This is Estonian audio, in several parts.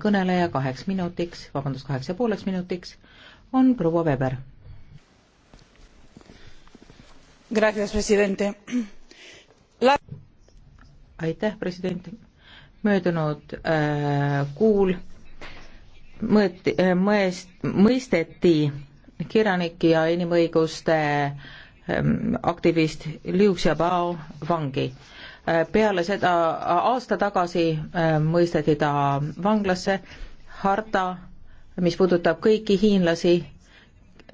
kõneleja kaheks minutiks, vabandust, kaheks ja pooleks minutiks on proua Weber. La... aitäh, president. möödunud äh, kuul mõõti äh,, mõest, mõisteti kirjanik ja inimõiguste äh, aktivist Liu Xiaobao vangi äh, peale seda aasta tagasi äh, mõisteti ta vanglasse, harta, mis puudutab kõiki hiinlasi,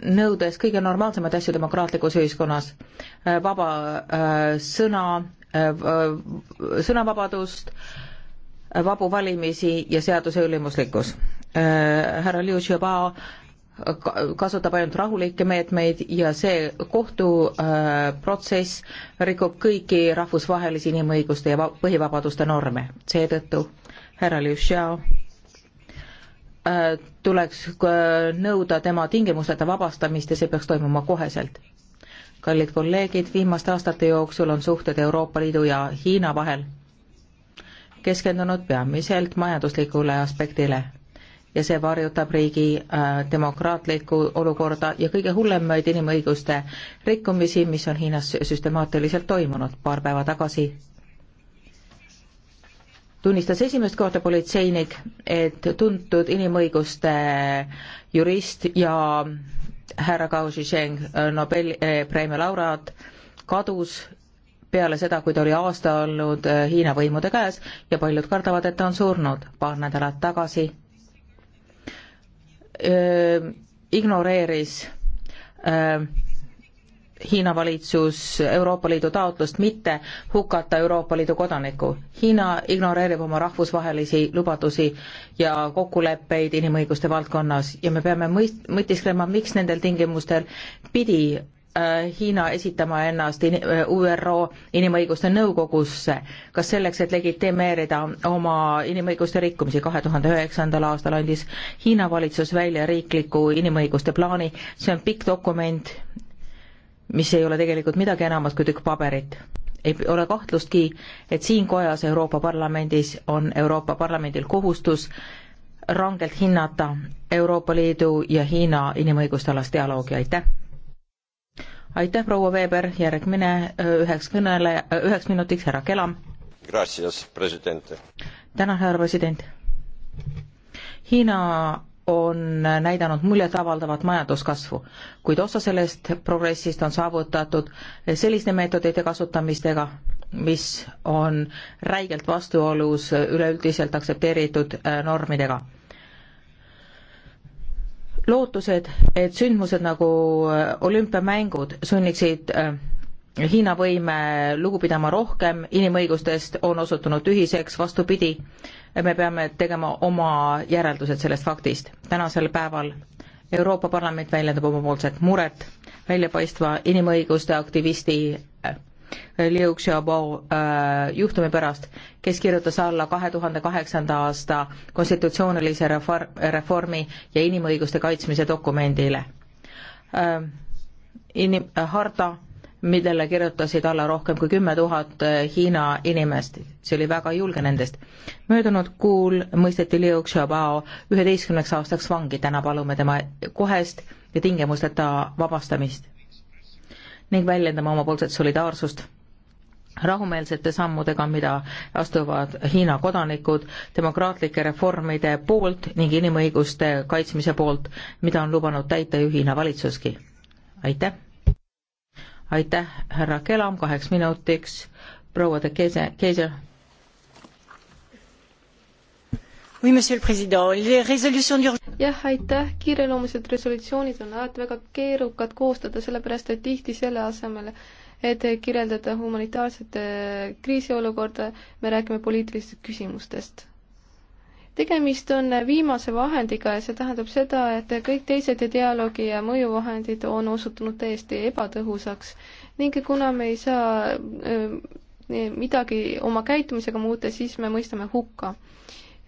nõudes kõige normaalsemaid asju demokraatlikus ühiskonnas, äh, vaba äh, sõna, sõnavabadust, vabu valimisi ja seaduse ülimuslikkus. härra Liu Xiaobao kasutab ainult rahulikke meetmeid ja see kohtuprotsess äh, rikub kõiki rahvusvahelisi inimõiguste ja põhivabaduste norme. seetõttu härra Liu Xiao äh, tuleks äh, nõuda tema tingimusteta vabastamist ja see peaks toimuma koheselt. kallid kolleegid, viimaste aastate jooksul on suhted Euroopa Liidu ja Hiina vahel keskendunud peamiselt majanduslikule aspektile ja see varjutab riigi äh, demokraatlikku olukorda ja kõige hullemaid inimõiguste rikkumisi, mis on Hiinas süstemaatiliselt toimunud paar päeva tagasi. tunnistas esimest korda politseinik, et tuntud inimõiguste jurist ja härra Gao Zhisheng, äh, Nobeli eh, äh, preemia laureaat, kadus peale seda, kui ta oli aasta olnud Hiina võimude käes ja paljud kardavad, et ta on surnud paar nädalat tagasi ignoreeris Hiina valitsus Euroopa Liidu taotlust mitte hukata Euroopa Liidu kodanikku. Hiina ignoreerib oma rahvusvahelisi lubadusi ja kokkuleppeid inimõiguste valdkonnas ja me peame mõist-, mõtisklema, miks nendel tingimustel pidi Äh, Hiina esitama ennast äh, ÜRO Inimõiguste Nõukogusse, kas selleks, et legitimeerida oma inimõiguste rikkumisi. kahe tuhande üheksandal aastal andis Hiina valitsus välja riikliku inimõiguste plaani, see on pikk dokument, mis ei ole tegelikult midagi enamat kui tükk paberit. ei ole kahtlustki, et siin kojas Euroopa Parlamendis on Euroopa Parlamendil kohustus rangelt hinnata Euroopa Liidu ja Hiina inimõiguste alast dialoogi, aitäh! aitäh, proua Weber, järgmine üheks kõneleja, üheks minutiks härra Kelam. tänan, härra president. Hiina on näidanud muljetavaldavat majanduskasvu, kuid osa sellest progressist on saavutatud selliste meetodite kasutamistega, mis on räigelt vastuolus üleüldiselt aktsepteeritud normidega lootused, et sündmused nagu äh, olümpiamängud sunniksid äh, Hiina võime lugu pidama rohkem inimõigustest, on osutunud tühiseks, vastupidi, me peame tegema oma järeldused sellest faktist. tänasel päeval Euroopa Parlament väljendab omapoolset muret väljapaistva inimõiguste aktivisti Liu Xiaobo äh, juhtumi pärast, kes kirjutas alla kahe tuhande kaheksanda aasta konstitutsioonilise reformi ja inimõiguste kaitsmise dokumendile. Ähm, inim-, harta, millele kirjutasid alla rohkem kui kümme tuhat äh, Hiina inimest, see oli väga julge nendest. möödunud kuul mõisteti Liu Xiaobo üheteistkümneks aastaks vangi, täna palume tema kohest ja tingimusteta vabastamist ning väljendama omapoolset solidaarsust rahumeelsete sammudega, mida astuvad Hiina kodanikud demokraatlike reformide poolt ning inimõiguste kaitsmise poolt, mida on lubanud täita ju Hiina valitsuski. aitäh! aitäh, härra Kelam, kaheks minutiks, proua de Keiser, Keiser. jah, aitäh, kiireloomulised resolutsioonid on alati väga keerukad koostada, sellepärast et tihti selle asemel, et kirjeldada humanitaarset äh, kriisiolukorda, me räägime poliitilistest küsimustest. tegemist on äh, viimase vahendiga ja see tähendab seda, et kõik teised dialoogi ja mõjuvahendid on osutunud täiesti ebatõhusaks ning kuna me ei saa äh, midagi oma käitumisega muuta, siis me mõistame hukka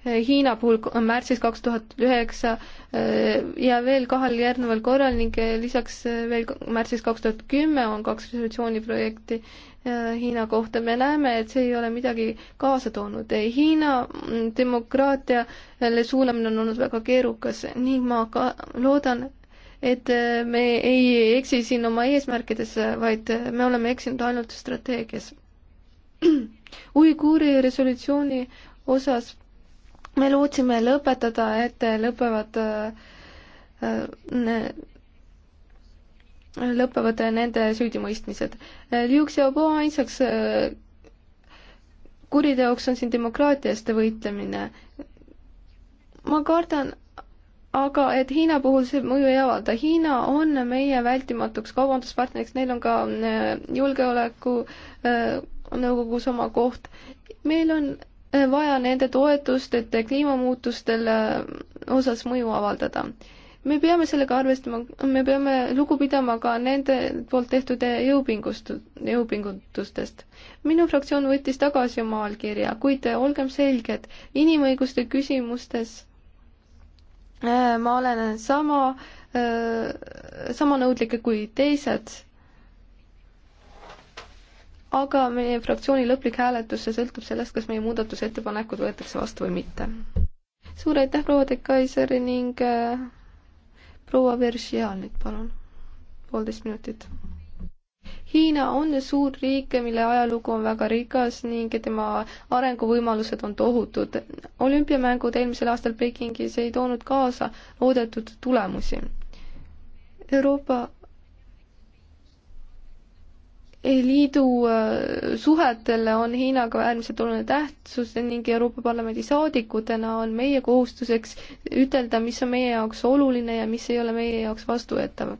Hiina puhul märtsis kaks tuhat üheksa eh, ja veel kahel järgneval korral ning eh, lisaks eh, veel märtsis kaks tuhat kümme on kaks resolutsiooniprojekti Hiina kohta. me näeme, et see ei ole midagi kaasa toonud. Hiina mm, demokraatiale suunamine on olnud väga keerukas ning ma ka loodan, et me ei eksi siin oma eesmärkides, vaid me oleme eksinud ainult strateegias. uiguuri resolutsiooni osas me lootsime lõpetada, et lõpevad, äh, äh, lõpevad nende süüdimõistmised. Liu Xiaobo ainsaks äh, kuriteoks on siin demokraatia eest võitlemine. ma kardan aga et Hiina puhul see mõju ei avalda. Hiina on meie vältimatuks kaubanduspartneriks, neil on ka julgeoleku nõukogus oma koht. meil on Äh, vaja nende toetust, et äh, kliimamuutustel äh, osas mõju avaldada. me peame sellega arvestama, me peame lugu pidama ka nende poolt tehtud jõupingust, jõupingutustest. minu fraktsioon võttis tagasi oma allkirja, kuid olgem selged, inimõiguste küsimustes ma olen sama, sama nõudlik kui teised aga meie fraktsiooni lõplik hääletus, see sõltub sellest, kas meie muudatusettepanekud võetakse vastu või mitte. suur aitäh, proua de Kaiser ning äh, proua Veržia nüüd palun, poolteist minutit. Hiina on suur riik, mille ajalugu on väga rikas ning tema arenguvõimalused on tohutud. olümpiamängud eelmisel aastal Pekingis ei toonud kaasa oodatud tulemusi. Euroopa liidu äh, suhetele on Hiinaga äärmiselt oluline tähtsus ning Euroopa Parlamendi saadikutena on meie kohustuseks ütelda, mis on meie jaoks oluline ja mis ei ole meie jaoks vastuvõetav.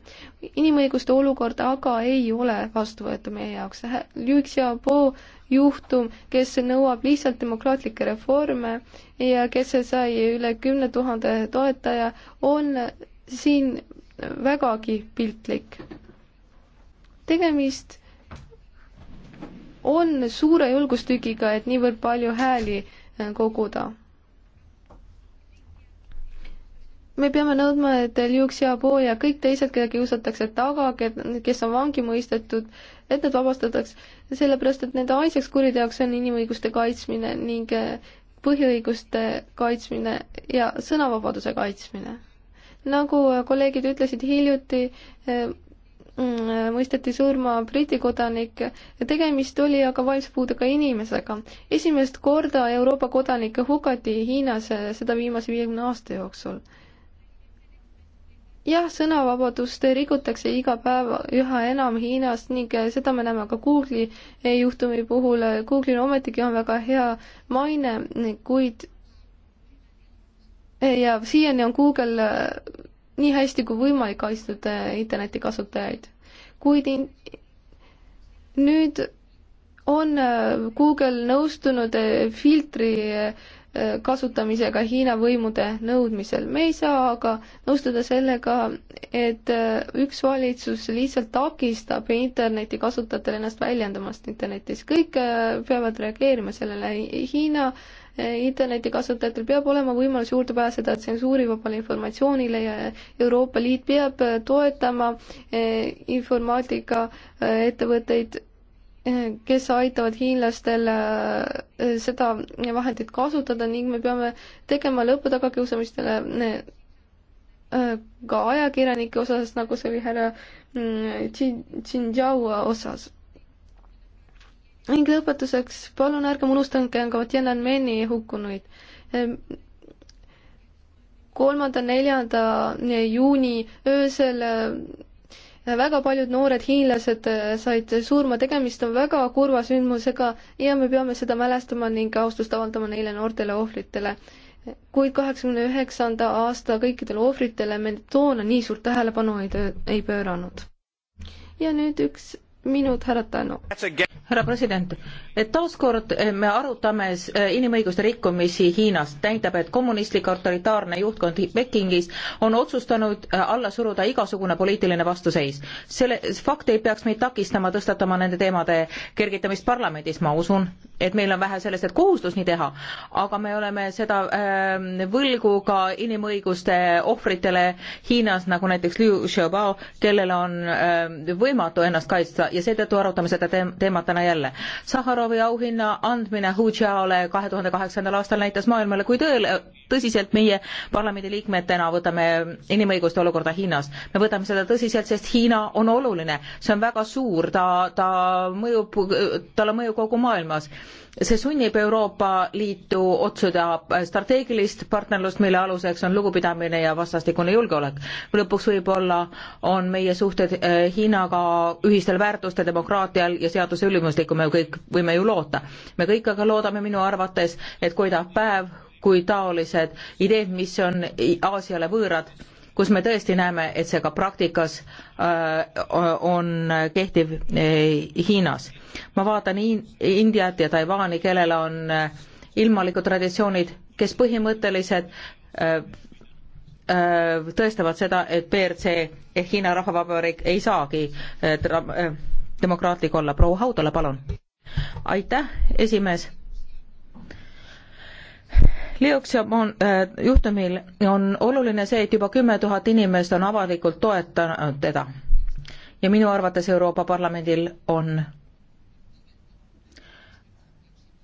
inimõiguste olukord aga ei ole vastuvõetav meie jaoks. Liu Xiaobo juhtum, kes nõuab lihtsalt demokraatlikke reforme ja kes sai üle kümne tuhande toetaja, on siin vägagi piltlik. tegemist on suure julgustükiga, et niivõrd palju hääli äh, koguda. me peame nõudma, et Liu Xiaobo ja kõik teised, keda kiusatakse taga, kes on vangi mõistetud, et nad vabastataks, sellepärast et nende ainsaks kuriteoks on inimõiguste kaitsmine ning äh, põhiõiguste kaitsmine ja sõnavabaduse kaitsmine. nagu kolleegid ütlesid hiljuti, äh, Mm, mõisteti surma Briti kodanik, tegemist oli aga vaimse puudega inimesega. esimest korda Euroopa kodanikke hukati Hiinas, eh, seda viimase viiekümne aasta jooksul. jah, sõnavabadust rikutakse iga päev üha enam Hiinas ning eh, seda me näeme ka Google'i eh, juhtumi puhul. Google'il ometigi on väga hea maine, kuid ja siiani on Google nii hästi kui võimalik kaitstud äh, internetikasutajaid. kuid in, nüüd on äh, Google nõustunud äh, filtri kasutamisega Hiina võimude nõudmisel. me ei saa aga nõustuda sellega, et üks valitsus lihtsalt takistab interneti kasutajatel ennast väljendamast internetis. kõik peavad reageerima sellele. Hiina äh, internetikasutajatel peab olema võimalus juurde pääseda tsensuurivabale informatsioonile ja Euroopa Liit peab äh, toetama äh, informaatikaettevõtteid, äh, kes aitavad hiinlastel seda vahendit kasutada ning me peame tegema lõpu tagakiusamistele ka ajakirjanike osas, nagu see oli härra Xinjiao mm, osas ning lõpetuseks, palun ärgem unustage ka Tiananmeni hukkunuid. Ehm, kolmanda, neljanda juuni öösel ehm, väga paljud noored hiinlased ehm, said surma, tegemist on väga kurva sündmusega ja me peame seda mälestama ning austust avaldama neile noortele ohvritele. kuid kaheksakümne üheksanda aasta kõikidele ohvritele me toona nii suurt tähelepanu ei töö, ei pööranud. ja nüüd üks minut, härra Tänno. härra president, et taaskord eh, me arutame eh, inimõiguste rikkumisi Hiinas, näitab, et kommunistlik autoritaarne juhtkond Pekingis on otsustanud eh, alla suruda igasugune poliitiline vastuseis. selle fakt ei peaks meid takistama tõstatama nende teemade kergitamist parlamendis, ma usun, et meil on vähe sellest, et kohustus nii teha, aga me oleme seda ähm, võlgu ka inimõiguste ohvritele Hiinas, nagu näiteks Liu Xiaobao, kellel on ähm, võimatu ennast kaitsta ja seetõttu arutame seda teemat täna jälle. Saharovi auhinna andmine Hu Jiaole kahe tuhande kaheksandal aastal näitas maailmale, kui tõele, tõsiselt meie parlamendiliikmetena võtame inimõiguste olukorda Hiinas. me võtame seda tõsiselt, sest Hiina on oluline, see on väga suur, ta, ta mõjub, tal on mõju kogu maailmas see sunnib Euroopa Liitu otsuda strateegilist partnerlust, mille aluseks on lugupidamine ja vastastikune julgeolek. lõpuks võib-olla on meie suhted eh, Hiinaga ühistel väärtustel, demokraatial ja seaduse ülimuslikku me kõik võime ju loota. me kõik aga loodame minu arvates, et koidab päev, kui taolised ideed, mis on Aasiale võõrad, kus me tõesti näeme, et see ka praktikas äh, on kehtiv äh, Hiinas. ma vaatan Indiat ja Taiwan'i, kellel on äh, ilmalikud traditsioonid, kes põhimõtteliselt tõestavad seda, et BRC ehk Hiina Rahvavabariik ei saagi demokraatlik olla. proua Haudala, palun. aitäh, esimees Leoksia äh, juhtumil on oluline see, et juba kümme tuhat inimest on avalikult toetanud teda. ja minu arvates Euroopa Parlamendil on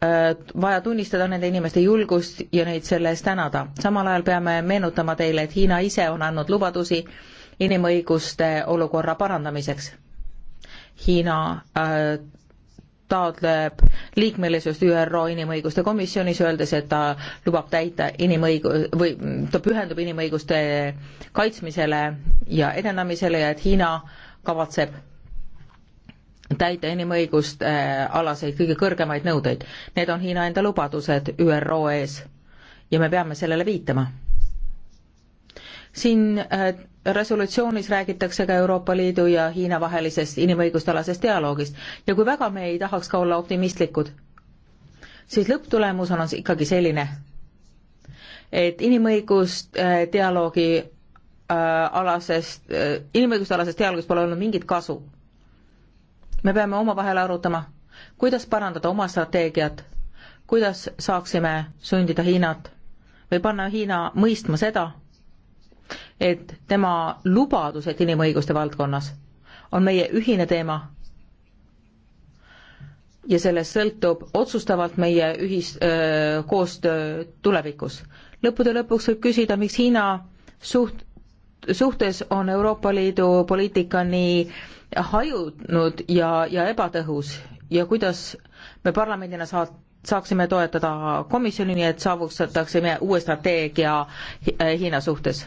äh, vaja tunnistada nende inimeste julgust ja neid selle eest tänada. samal ajal peame meenutama teile, et Hiina ise on andnud lubadusi inimõiguste olukorra parandamiseks. Hiina äh, taotleb liikmelisust ÜRO inimõiguste komisjonis, öeldes, et ta lubab täita inimõigu- või ta pühendub inimõiguste kaitsmisele ja edendamisele ja et Hiina kavatseb täita inimõiguste äh, alaseid kõige kõrgemaid nõudeid. Need on Hiina enda lubadused ÜRO ees ja me peame sellele viitama. siin äh, resolutsioonis räägitakse ka Euroopa Liidu ja Hiina vahelisest inimõiguste alasest dialoogist ja kui väga me ei tahaks ka olla optimistlikud, siis lõpptulemus on, on ikkagi selline, et inimõigusdialoogi äh, äh, alasest äh,, inimõiguste alasest dialoogist pole olnud mingit kasu. me peame omavahel arutama, kuidas parandada oma strateegiat, kuidas saaksime sundida Hiinat või panna Hiina mõistma seda, et tema lubadused inimõiguste valdkonnas on meie ühine teema ja sellest sõltub otsustavalt meie ühis-, koostöö tulevikus. lõppude lõpuks võib küsida, miks Hiina suht-, suhtes on Euroopa Liidu poliitika nii hajunud ja, ja ebatõhus ja kuidas me parlamendina saa-, saaksime toetada komisjoni, nii et saavutatakse meie uue strateegia Hiina suhtes?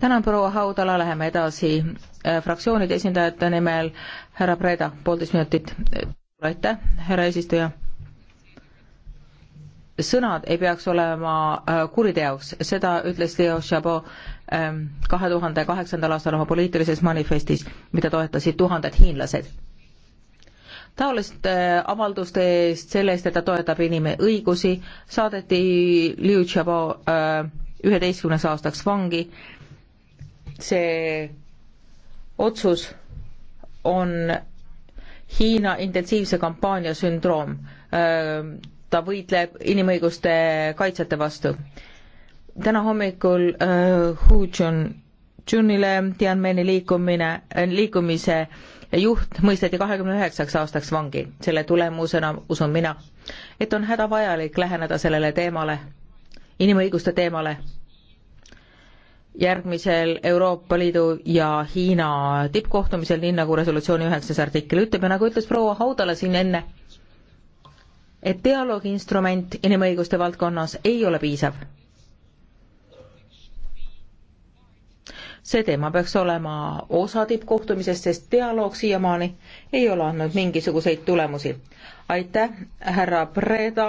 tänan, proua Haudala, läheme edasi äh, fraktsioonide esindajate nimel. härra Preda, poolteist minutit. aitäh, härra eesistuja. sõnad ei peaks olema äh, kuriteoks, seda ütles Leo Chabot ähm, kahe tuhande kaheksandal aastal oma poliitilises manifestis, mida toetasid tuhanded hiinlased taoliste äh, avalduste eest, selle eest, et ta toetab inimõigusi, saadeti Liu Xiaobo äh, üheteistkümneks aastaks vangi. see otsus on Hiina intensiivse kampaania sündroom. ta võitleb inimõiguste kaitsjate vastu. täna hommikul Hu Jun-Junile Tianmeni liikumine, liikumise juht mõisteti kahekümne üheksaks aastaks vangi. selle tulemusena usun mina, et on hädavajalik läheneda sellele teemale inimõiguste teemale järgmisel Euroopa Liidu ja Hiina tippkohtumisel, nii nagu resolutsiooni üheksas artikkel ütleb ja nagu ütles proua Haudala siin enne, et dialoogi instrument inimõiguste valdkonnas ei ole piisav. see teema peaks olema osa tippkohtumisest, sest dialoog siiamaani ei ole andnud mingisuguseid tulemusi. aitäh, härra Preda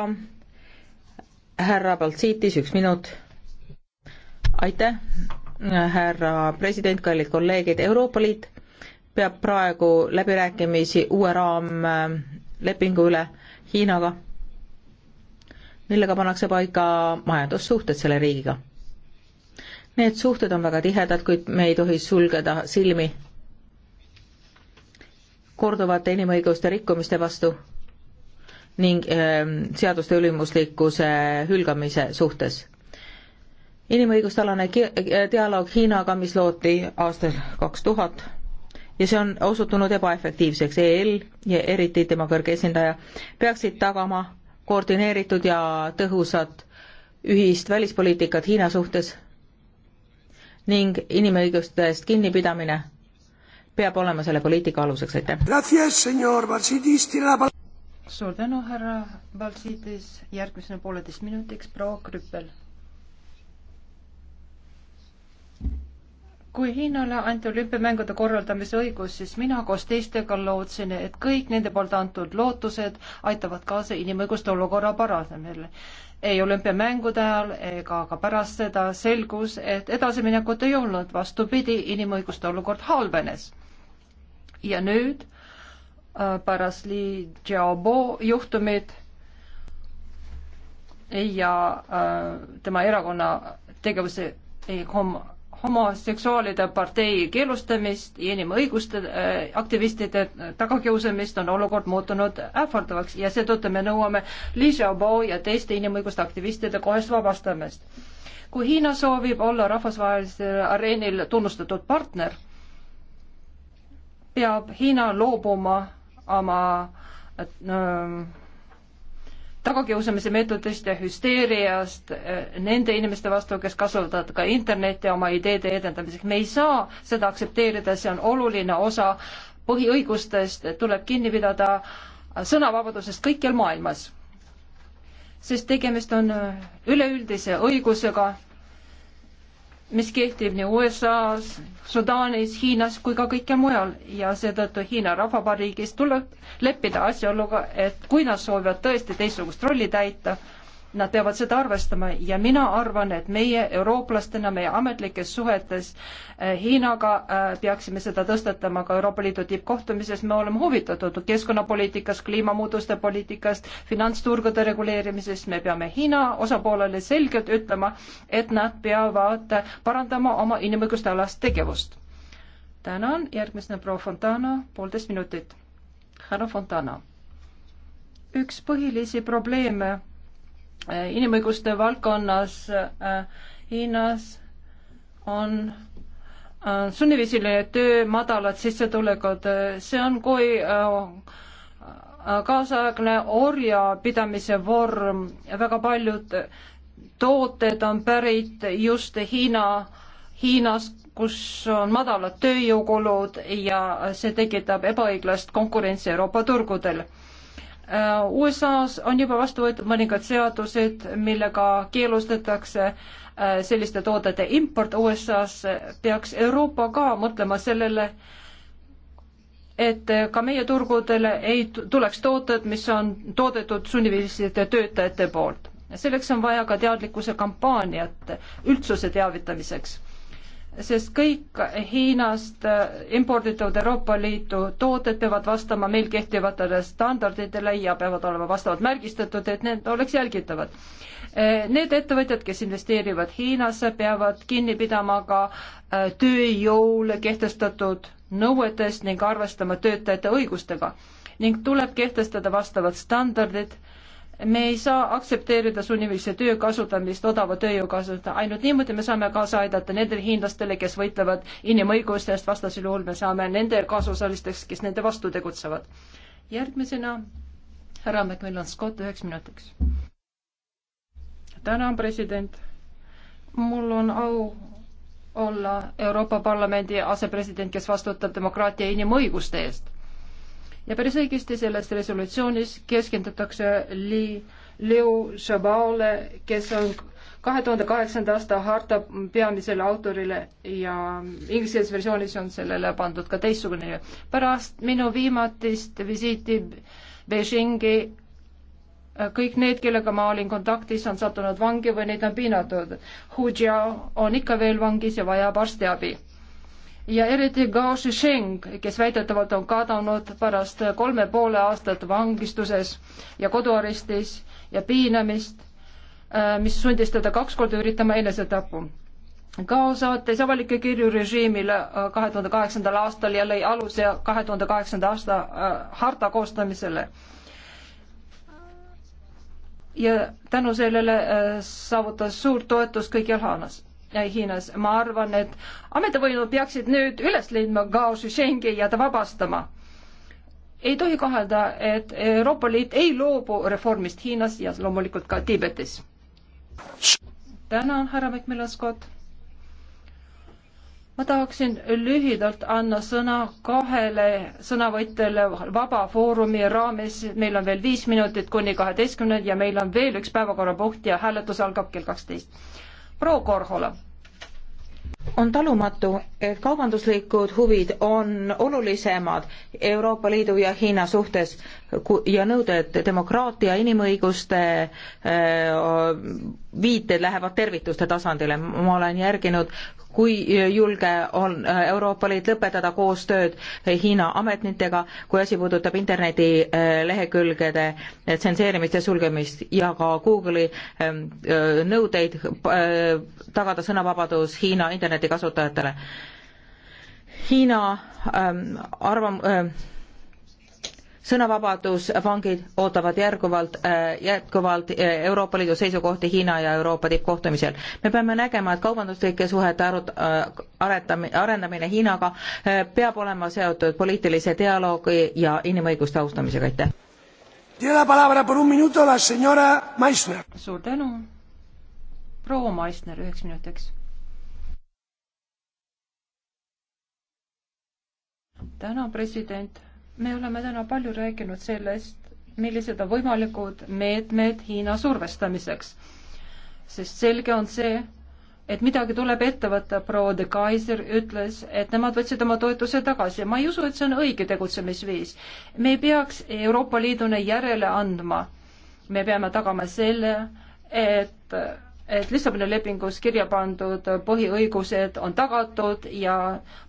härra Baltsiitis, üks minut. aitäh, härra president, kallid kolleegid, Euroopa Liit peab praegu läbirääkimisi uue raamlepingu üle Hiinaga, millega pannakse paika majandussuhted selle riigiga. Need suhted on väga tihedad, kuid me ei tohi sulgeda silmi korduvate inimõiguste rikkumiste vastu ning ähm, seaduste ülimuslikkuse hülgamise suhtes. inimõigustealane äh, dialoog Hiinaga, mis loodi aastal kaks tuhat ja see on osutunud ebaefektiivseks, EL ja eriti tema kõrge esindaja peaksid tagama koordineeritud ja tõhusat ühist välispoliitikat Hiina suhtes ning inimõigustest kinnipidamine peab olema selle poliitika aluseks, aitäh suur tänu, härra Baltsiitis, järgmisena pooleteist minutiks proua Krüppel. kui Hiinale anti olümpiamängude korraldamise õigus, siis mina koos teistega lootsin, et kõik nende poolt antud lootused aitavad kaasa inimõiguste olukorra paranemisele. ei olümpiamängude ajal ega ka pärast seda selgus, et edasiminekut ei olnud, vastupidi, inimõiguste olukord halvenes. ja nüüd Äh, pärast Li Jiabo juhtumit ja äh, tema erakonna tegevuse homo, homoseksuaalide partei keelustamist ja inimõiguste äh, aktivistide tagakiusamist on olukord muutunud ähvardavaks ja seetõttu me nõuame Li Jiabo ja teiste inimõiguste aktivistide kohest vabastamist. kui Hiina soovib olla rahvusvahelisel areenil tunnustatud partner, peab Hiina loobuma oma äh, ähm, tagakiusamise meetodist ja hüsteeriast äh, nende inimeste vastu, kes kasutavad ka internetti oma ideede edendamiseks. me ei saa seda aktsepteerida, see on oluline osa põhiõigustest, tuleb kinni pidada sõnavabadusest kõikjal maailmas. sest tegemist on äh, üleüldise õigusega mis kehtib nii USA-s, Sudaanis, Hiinas kui ka kõikjal mujal ja seetõttu Hiina Rahvavabariigis tuleb leppida asjaoluga, et kui nad soovivad tõesti teistsugust rolli täita, Nad peavad seda arvestama ja mina arvan, et meie eurooplastena, meie ametlikes suhetes eh, Hiinaga eh, peaksime seda tõstatama ka Euroopa Liidu tippkohtumises, me oleme huvitatud keskkonnapoliitikast, kliimamuutuste poliitikast, finantsturgude reguleerimisest, me peame Hiina osapoolele selgelt ütlema, et nad peavad parandama oma inimõiguste alast tegevust. tänan, järgmisena proua Fontana, poolteist minutit. härra Fontana üks põhilisi probleeme Äh, inimõiguste valdkonnas äh, Hiinas on äh, sunniviisiline töö, madalad sissetulekud, see on kui kaasaegne orjapidamise vorm, väga paljud tooted on pärit just Hiina, Hiinast, kus on madalad tööjõukulud ja see tekitab ebaõiglast konkurentsi Euroopa turgudel Äh, USA-s on juba vastu võetud mõningad seadused, millega keelustatakse äh, selliste toodete import USA-sse, peaks Euroopa ka mõtlema sellele, et ka meie turgudele ei tuleks tooted, mis on toodetud sunniviisiliste töötajate poolt. selleks on vaja ka teadlikkuse kampaaniat üldsuse teavitamiseks sest kõik Hiinast äh, imporditud Euroopa Liidu tooted peavad vastama meil kehtivatele standarditele ja peavad olema vastavalt märgistatud, et need oleks jälgitavad. Äh, need ettevõtjad, kes investeerivad Hiinasse, peavad kinni pidama ka äh, tööjõule kehtestatud nõuetest ning arvestama töötajate õigustega ning tuleb kehtestada vastavad standardid me ei saa aktsepteerida sunnivilise töö kasutamist, odava tööjõu kasutamist, ainult niimoodi me saame kaasa aidata nendele hiinlastele, kes võitlevad inimõiguste eest, vastasel juhul me saame nende kaasosalisteks, kes nende vastu tegutsevad. järgmisena härra Macmillan Scott üheks minutiks. tänan, president. mul on au olla Euroopa Parlamendi asepresident, kes vastutab demokraatia ja inimõiguste eest ja päris õigesti selles resolutsioonis keskendutakse Li Liu Shabaole, kes on kahe tuhande kaheksanda aasta harta peamisele autorile ja inglisekeelses versioonis on sellele pandud ka teistsugune. pärast minu viimatist visiiti Beijingi kõik need, kellega ma olin kontaktis, on sattunud vangi või neid on piinatud. Hu Jia on ikka veel vangis ja vajab arstiabi ja eriti Gao Shisheng, kes väidetavalt on kadunud pärast kolme poole aastat vangistuses ja koduarestis ja piinamist, äh, mis sundis teda kaks korda üritama enesetapu. Gao saatis avalikke kirju režiimile äh, kahe tuhande kaheksandal aastal ja lõi aluse kahe tuhande kaheksanda aasta äh, harta koostamisele ja tänu sellele saavutas suurt toetust kõikjal Haanas. Hiinas. ma arvan, et ametivõimud peaksid nüüd üles leidma Gao Zhishengi ja ta vabastama. ei tohi kahelda, et Euroopa Liit ei loobu reformist Hiinas ja loomulikult ka Tiibetis. tänan, härra Mäkk-Mellaskott. ma tahaksin lühidalt anda sõna kahele sõnavõtjale Vaba Foorumi raames. meil on veel viis minutit kuni kaheteistkümnendani ja meil on veel üks päevakorrapunkt ja hääletus algab kell kaksteist proua Korhola on talumatu, et kaubanduslikud huvid on olulisemad Euroopa Liidu ja Hiina suhtes ja nõuded demokraatia, inimõiguste äh, viited lähevad tervituste tasandile, ma olen järginud, kui julge on Euroopa Liit lõpetada koostööd Hiina ametnitega, kui asi puudutab internetilehekülgede eh, eh, tsenseerimist ja sulgemist ja ka Google'i eh, nõudeid tagada sõnavabadus Hiina internetikasutajatele. Hiina arvam-, sõnavabadusvangid ootavad järguvalt äh,, jätkuvalt äh, Euroopa Liidu seisukohti Hiina ja Euroopa tippkohtumisel. me peame nägema, et kaubanduslike suhete arut- äh,, aretamine, arendamine Hiinaga äh, peab olema seotud poliitilise dialoogi ja inimõiguste austamisega, aitäh! suur tänu, proua Meissner üheks minutiks. täna president me oleme täna palju rääkinud sellest, millised on võimalikud meetmed Hiina survestamiseks. sest selge on see, et midagi tuleb ette võtta, proua de Kaiser ütles, et nemad võtsid oma toetuse tagasi. ma ei usu, et see on õige tegutsemisviis. me ei peaks Euroopa Liiduna järele andma. me peame tagama selle, et, et Lissaboni lepingus kirja pandud põhiõigused on tagatud ja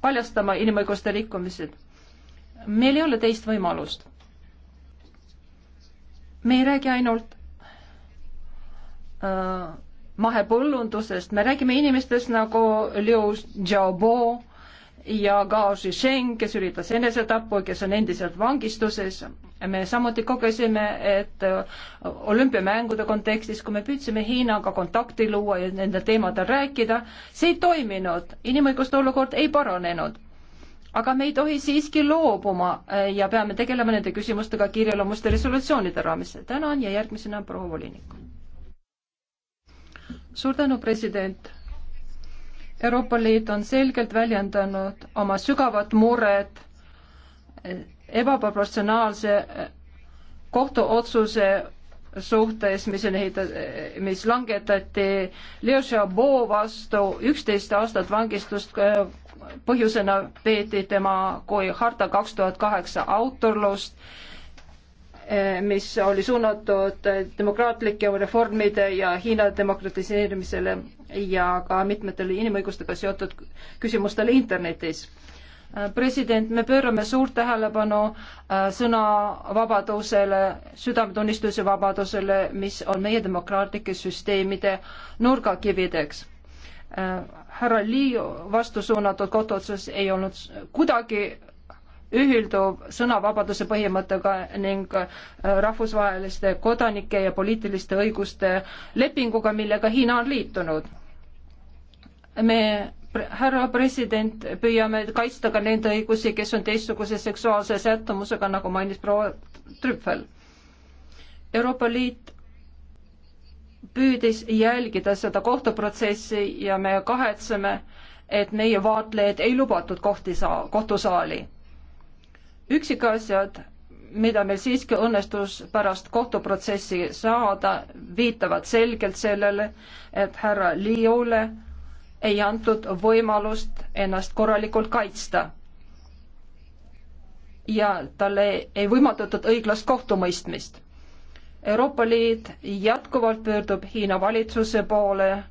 paljastama inimõiguste rikkumised meil ei ole teist võimalust. me ei räägi ainult äh, mahepõllundusest, me räägime inimestest nagu Liu Xiaobo ja Gao Zhisheng, kes üritas enesetappu, kes on endiselt vangistuses. me samuti kogesime, et äh, olümpiamängude kontekstis, kui me püüdsime Hiinaga kontakti luua ja nendel teemadel rääkida, see ei toiminud, inimõiguste olukord ei paranenud aga me ei tohi siiski loobuma äh, ja peame tegelema nende küsimustega kirjeloomuste resolutsioonide raames. tänan ja järgmisena proua volinik. suur tänu, president. Euroopa Liit on selgelt väljendanud oma sügavat muret äh, ebaproportsionaalse äh, kohtuotsuse suhtes, mis on ehitatud, mis langetati Leo Chabot vastu üksteist aastat vangistust põhjusena peeti tema kui Harta kaks tuhat kaheksa autorlust, eh, mis oli suunatud demokraatlike reformide ja Hiina demokratiseerimisele ja ka mitmetele inimõigustega seotud küsimustele internetis eh, president, me pöörame suurt tähelepanu eh, sõnavabadusele, südametunnistuse vabadusele, mis on meie demokraatlike süsteemide nurgakivideks. Äh, härra Liiu vastu suunatud kohtuotsus ei olnud kuidagi ühilduv sõnavabaduse põhimõttega ning äh, rahvusvaheliste kodanike ja poliitiliste õiguste lepinguga, millega Hiina on liitunud. me, härra president, püüame kaitsta ka nende õigusi, kes on teistsuguse seksuaalse sättumusega, nagu mainis proua Trüpfel. Euroopa Liit püüdis jälgida seda kohtuprotsessi ja me kahetseme, et meie vaatlejaid ei lubatud kohti saa-, kohtusaali. üksikasjad, mida meil siiski õnnestus pärast kohtuprotsessi saada, viitavad selgelt sellele, et härra Liiule ei antud võimalust ennast korralikult kaitsta. ja talle ei võimaldatud õiglast kohtumõistmist Euroopa Liit jätkuvalt pöördub Hiina valitsuse poole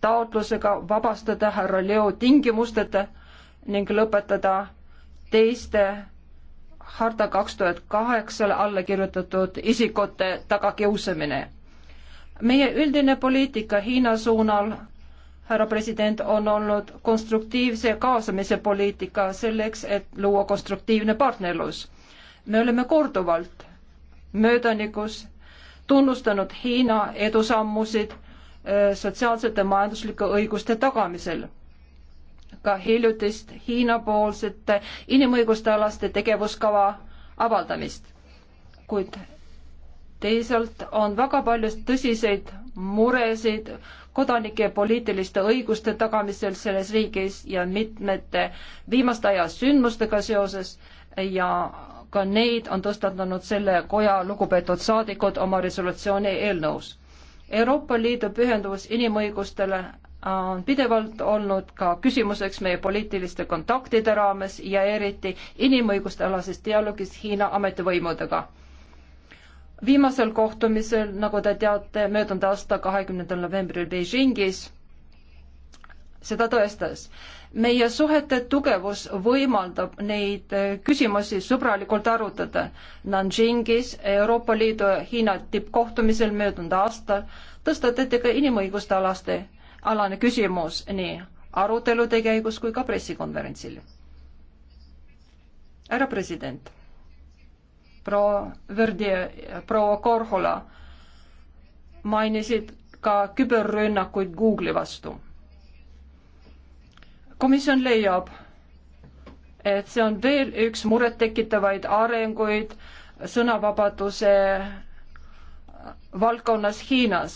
taotlusega vabastada härra Leo tingimusteta ning lõpetada teiste harta kaks tuhat kaheksale alla kirjutatud isikute tagakiusamine. meie üldine poliitika Hiina suunal, härra president, on olnud konstruktiivse kaasamise poliitika selleks, et luua konstruktiivne partnerlus. me oleme korduvalt möödanikus tunnustanud Hiina edusammusid äh, sotsiaalsete majanduslike õiguste tagamisel. ka hiljutist Hiina-poolsete inimõiguste alaste tegevuskava avaldamist. kuid teisalt on väga palju tõsiseid muresid kodanike poliitiliste õiguste tagamisel selles riigis ja mitmete viimaste aja sündmustega seoses ja ka neid on tõstatanud selle koja lugupeetud saadikud oma resolutsiooni eelnõus. Euroopa Liidu pühenduvus inimõigustele äh, on pidevalt olnud ka küsimuseks meie poliitiliste kontaktide raames ja eriti inimõiguste alases dialoogis Hiina ametivõimudega. viimasel kohtumisel, nagu te teate, möödunud aasta kahekümnendal novembril Beijingis seda tõestas meie suhete tugevus võimaldab neid küsimusi sõbralikult arutada. Nanjingis Euroopa Liidu Hiina tippkohtumisel möödunud aastal tõstatati ka inimõiguste alaste, alane küsimus nii arutelude käigus kui ka pressikonverentsil. härra president, proua Verdi, proua Korhola mainisid ka küberrünnakuid Google'i vastu komisjon leiab, et see on veel üks murettekitavaid arenguid sõnavabaduse valdkonnas Hiinas.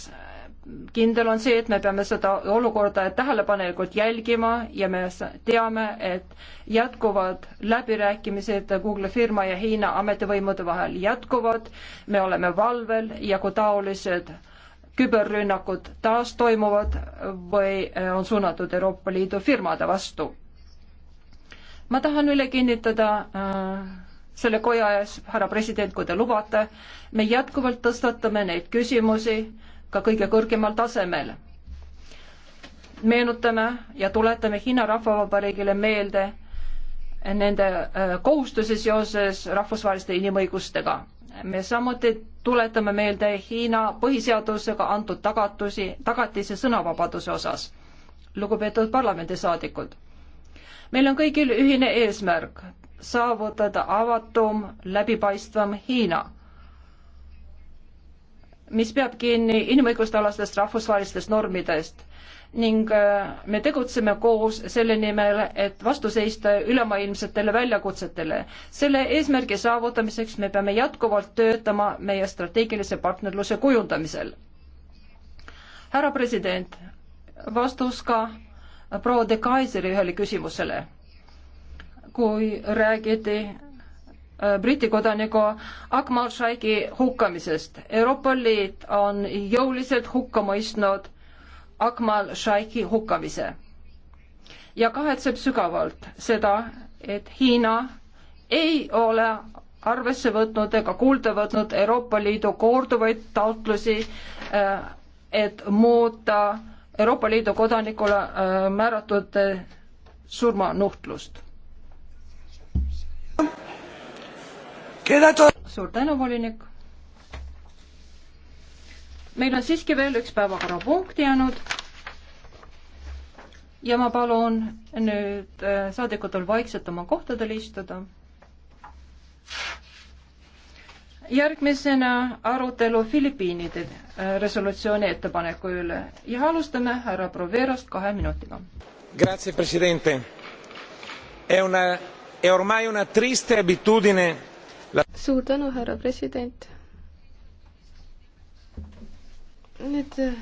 kindel on see, et me peame seda olukorda tähelepanelikult jälgima ja me teame, et jätkuvad läbirääkimised Google firma ja Hiina ametivõimude vahel jätkuvad, me oleme valvel ja kui taolised küberrünnakud taas toimuvad või äh, on suunatud Euroopa Liidu firmade vastu. ma tahan üle kinnitada äh, selle koja ees, härra president, kui te lubate, me jätkuvalt tõstatame neid küsimusi ka kõige kõrgemal tasemel. meenutame ja tuletame Hiina Rahvavabariigile meelde nende äh, kohustusi seoses rahvusvaheliste inimõigustega me samuti tuletame meelde Hiina põhiseadusega antud tagatusi, tagatise sõnavabaduse osas. lugupeetud parlamendisaadikud, meil on kõigil ühine eesmärk saavutada avatum, läbipaistvam Hiina, mis peab kinni inimõiguste alastest rahvusvahelistest normidest ning äh, me tegutseme koos selle nimel, et vastu seista ülemaailmsetele väljakutsetele. selle eesmärgi saavutamiseks me peame jätkuvalt töötama meie strateegilise partnerluse kujundamisel. härra president, vastus ka proua de Kaiseri ühele küsimusele, kui räägiti äh, Briti kodaniku Akmal Shaiki hukkamisest. Euroopa Liit on jõuliselt hukka mõistnud Akmal Shaiki hukkamise ja kahetseb sügavalt seda, et Hiina ei ole arvesse võtnud ega kuulda võtnud Euroopa Liidu korduvaid taotlusi, äh, et muuta Euroopa Liidu kodanikule äh, määratud äh, surmanuhtlust. suur tänu, volinik meil on siiski veel üks päevakorrapunkt jäänud ja ma palun nüüd äh, saadikutel vaikselt oma kohtadel istuda. järgmisena arutelu Filipiinide äh, resolutsiooni ettepaneku üle ja alustame härra Proverost kahe minutiga. Grazie presidente. È una, è ormai una triste abitudine la.... suur tänu, härra president nüüd äh,